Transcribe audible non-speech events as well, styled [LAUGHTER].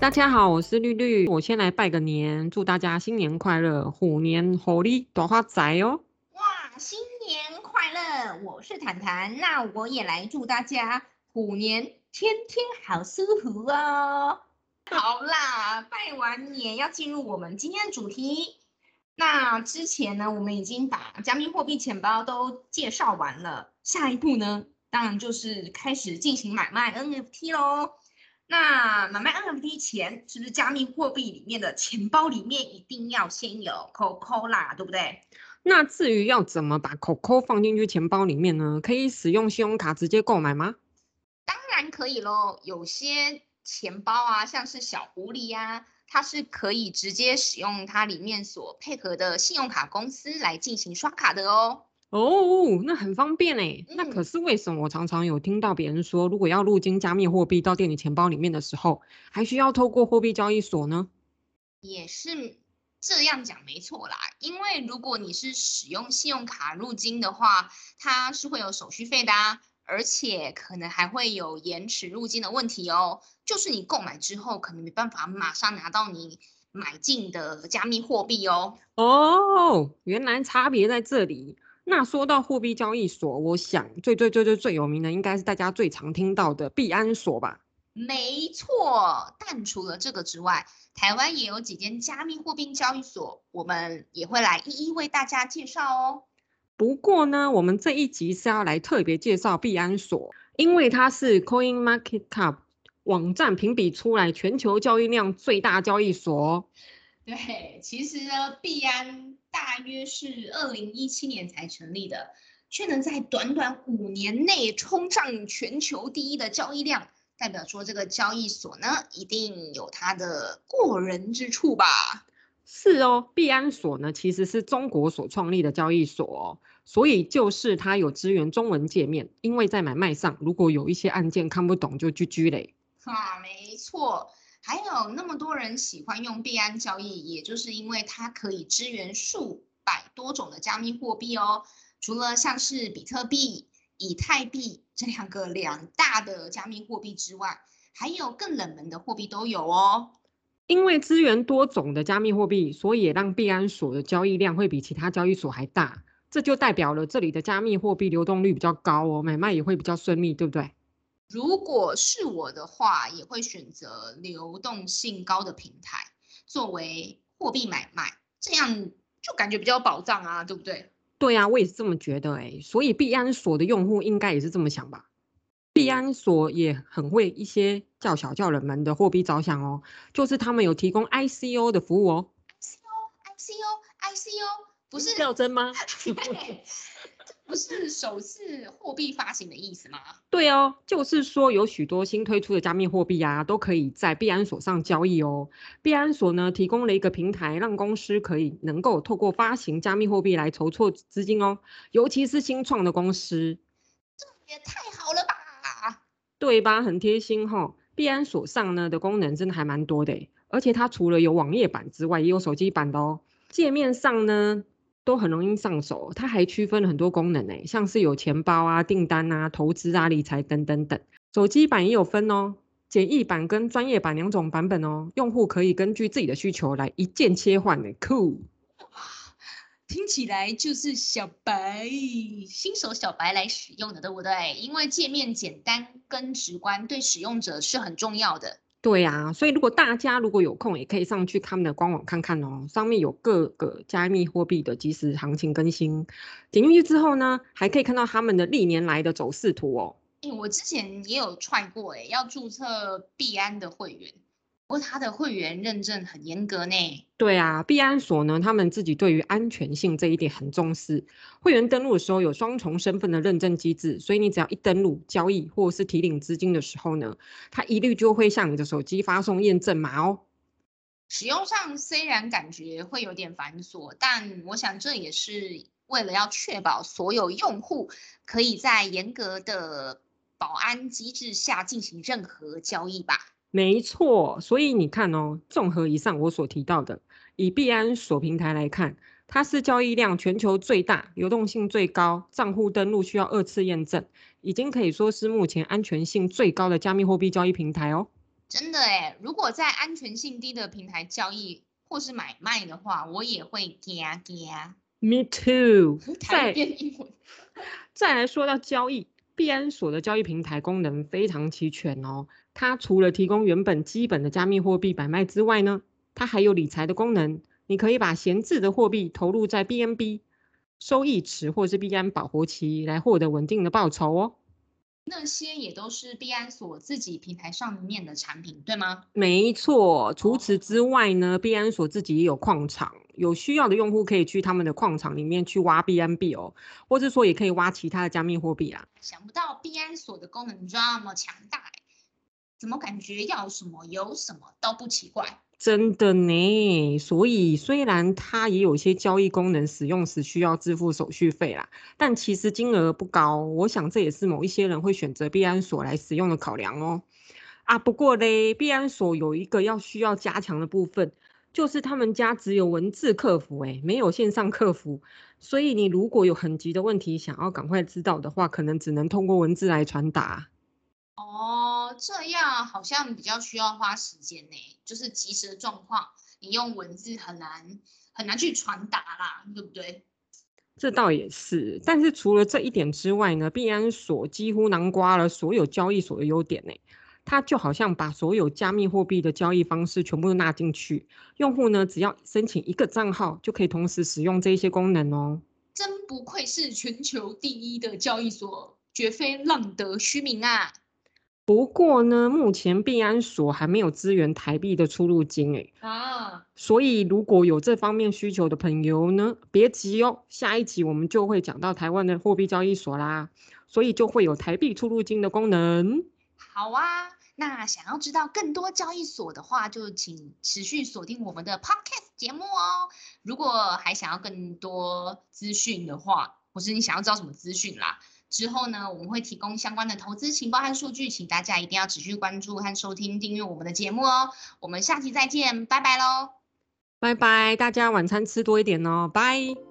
大家好，我是綠綠，我先來拜個年，祝大家新年快樂，虎年虎力多發財哦！哇，新年快樂，我是坦坦。那我也來祝大家虎年天天好舒服哦。好啦，拜完年要進入我們今天的主題，那之前呢，我們已經把加密貨幣錢包都介紹完了，下一步呢，當然就是開始進行買賣 NFT 嘍。那買賣 NFT 前，是不是加密貨幣裡面的錢包裡面一定要先有 COCO 啦，對不對？那至於要怎麼把 COCO 放進去錢包裡面呢？可以使用信用卡直接購買嗎？當然可以嘍，有些錢包啊，像是小狐狸呀、啊，它是可以直接使用它裡面所配合的信用卡公司來進行刷卡的哦。哦，那很方便、嗯、那可是為什麼我常常有聽到別人說，如果要入金加密貨幣到電子錢包裡面的時候，還需要透過貨幣交易所呢？也是這樣講沒錯啦。因為如果你是使用信用卡入金的話，它是會有手續費的、啊，而且可能還會有延遲入金的問題哦。就是你購買之後，可能沒辦法馬上拿到你買進的加密貨幣哦。哦，原來差別在這裡。那說到貨幣交易所，我想最最最最最有名的應該是大家最常聽到的幣安所吧？沒錯，但除了這個之外，台灣也有幾間加密貨幣交易所，我們也會來一一為大家介紹哦。不過呢，我們這一集是要來特別介紹幣安所，因為它是 CoinMarketCap 網站評比出來全球交易量最大交易所。對，其實呢，幣安大約是二零一七年才成立的，卻能在短短五年內衝上全球第一的交易量，代表說這個交易所呢，一定有它的過人之處吧？是哦，幣安所呢，其實是中國所創立的交易所哦，所以就是它有支援中文界面，因為在買賣上如果有一些按鍵看不懂，就去巨累。哈、哦，沒錯。還有那麼多人喜歡用幣安交易，也就是因為它可以支援數百多種的加密貨幣哦。除了像是比特幣、以太幣這兩個兩大的加密貨幣之外，還有更冷門的貨幣都有哦。因為支援多種的加密貨幣，所以也讓幣安所的交易量會比其他交易所還大。這就代表了這裡的加密貨幣流動率比較高哦，買賣也會比較順利，對不對？如果是我的話，也會選擇流動性高的平台作為貨幣買賣，這樣就感覺比較有保障啊，對不對？對啊，我也是這麼覺得哎，所以幣安所的用戶應該也是這麼想吧？幣安所也很為一些較小較冷門的貨幣着想哦，就是他們有提供 ICO 的服務哦，ICO ICO ICO 不是吊針嗎？不是首次貨幣發行的意思嗎？對哦，就是說有許多新推出的加密貨幣啊，都可以在幣安所上交易哦。幣安所呢，提供了一個平台，讓公司可以能夠透過發行加密貨幣來籌措資金哦，尤其是新創的公司。這也太好了吧？對吧？很貼心哈、哦。幣安所上呢的功能真的還蠻多的，而且它除了有網頁版之外，也有手機版的哦。界面上呢？都很容易上手，它還區分了很多功能哎，像是有錢包啊、訂單啊、投資啊、理財等等等。手機版也有分哦，簡易版跟專業版兩種版本哦，用戶可以根據自己的需求來一鍵切換的，酷！聽起來就是小白、新手小白來使用的，對不對？因為界面簡單跟直觀，對使用者是很重要的。對啊，所以如果大家如果有空，也可以上去他們的官網看看哦，上面有各個加密貨幣的即時行情更新。點進去之後呢，還可以看到他們的歷年來的走勢圖哦。哎、欸，我之前也有踹過、欸，哎，要注冊幣安的會員。不過它的會員認證很嚴格呢。對啊，幣安所呢，他們自己對於安全性這一點很重視。會員登錄的時候有雙重身份的認證機制，所以你只要一登錄交易或者是提領資金的時候呢，它一律就會向你的手機發送驗證碼哦。使用上雖然感覺會有點繁瑣，但我想這也是為了要確保所有用戶可以在嚴格的保安機制下進行任何交易吧。沒錯，所以你看哦，綜合以上我所提到的，以幣安所平台來看，它是交易量全球最大、流動性最高、賬戶登錄需要二次驗證，已經可以說是目前安全性最高的加密貨幣交易平台哦。真的誒，如果在安全性低的平台交易或是買賣的話，我也會加加。Me too [LAUGHS] 在。再變英文。再來說到交易，幣安所的交易平台功能非常齊全哦。它除了提供原本基本的加密貨幣買賣之外呢，它還有理財的功能。你可以把閒置的貨幣投入在 BNB 收益池或者是幣安寶活期來獲得穩定的報酬哦。那些也都是幣安所自己平台上面的產品，對嗎？沒錯。除此之外呢、哦、，幣安所自己也有礦場，有需要的用戶可以去他們的礦場裡面去挖 BNB 哦，或者說也可以挖其他的加密貨幣啦。想不到幣安所的功能這麼強大。怎麼感覺要什麼有什麼都不奇怪？真的呢，所以雖然它也有些交易功能使用時需要支付手續費啦，但其實金額不高。我想這也是某一些人會選擇幣安所來使用的考量哦。啊，不過嘞，幣安所有一個要需要加強的部分，就是他們家只有文字客服、欸，哎，沒有線上客服。所以你如果有很急的問題想要趕快知道的話，可能只能通過文字來傳達。哦。這樣好像比較需要花時間呢，就是即時的狀況，你用文字很難很難去傳達啦，對不對？這倒也是，但是除了這一點之外呢，幣安所幾乎囊括了所有交易所的優點呢，它就好像把所有加密貨幣的交易方式全部都納進去，用戶呢只要申請一個賬號就可以同時使用這些功能哦。真不愧是全球第一的交易所，絕非浪得虛名啊。不過呢，目前幣安所還沒有支援台幣的出入金哎，啊，所以如果有這方面需求的朋友呢，別急哦，下一集我們就會講到台灣的貨幣交易所啦，所以就會有台幣出入金的功能。好啊，那想要知道更多交易所的話，就請持續鎖定我們的 Podcast 節目哦。如果還想要更多資訊的話，或是你想要知道什麼資訊啦？之後呢，我們會提供相關的投資情報和數據，請大家一定要持續關注和收聽訂閱我們的節目哦。我們下期再見，拜拜嘍！拜拜，大家晚餐吃多一點哦，拜，拜。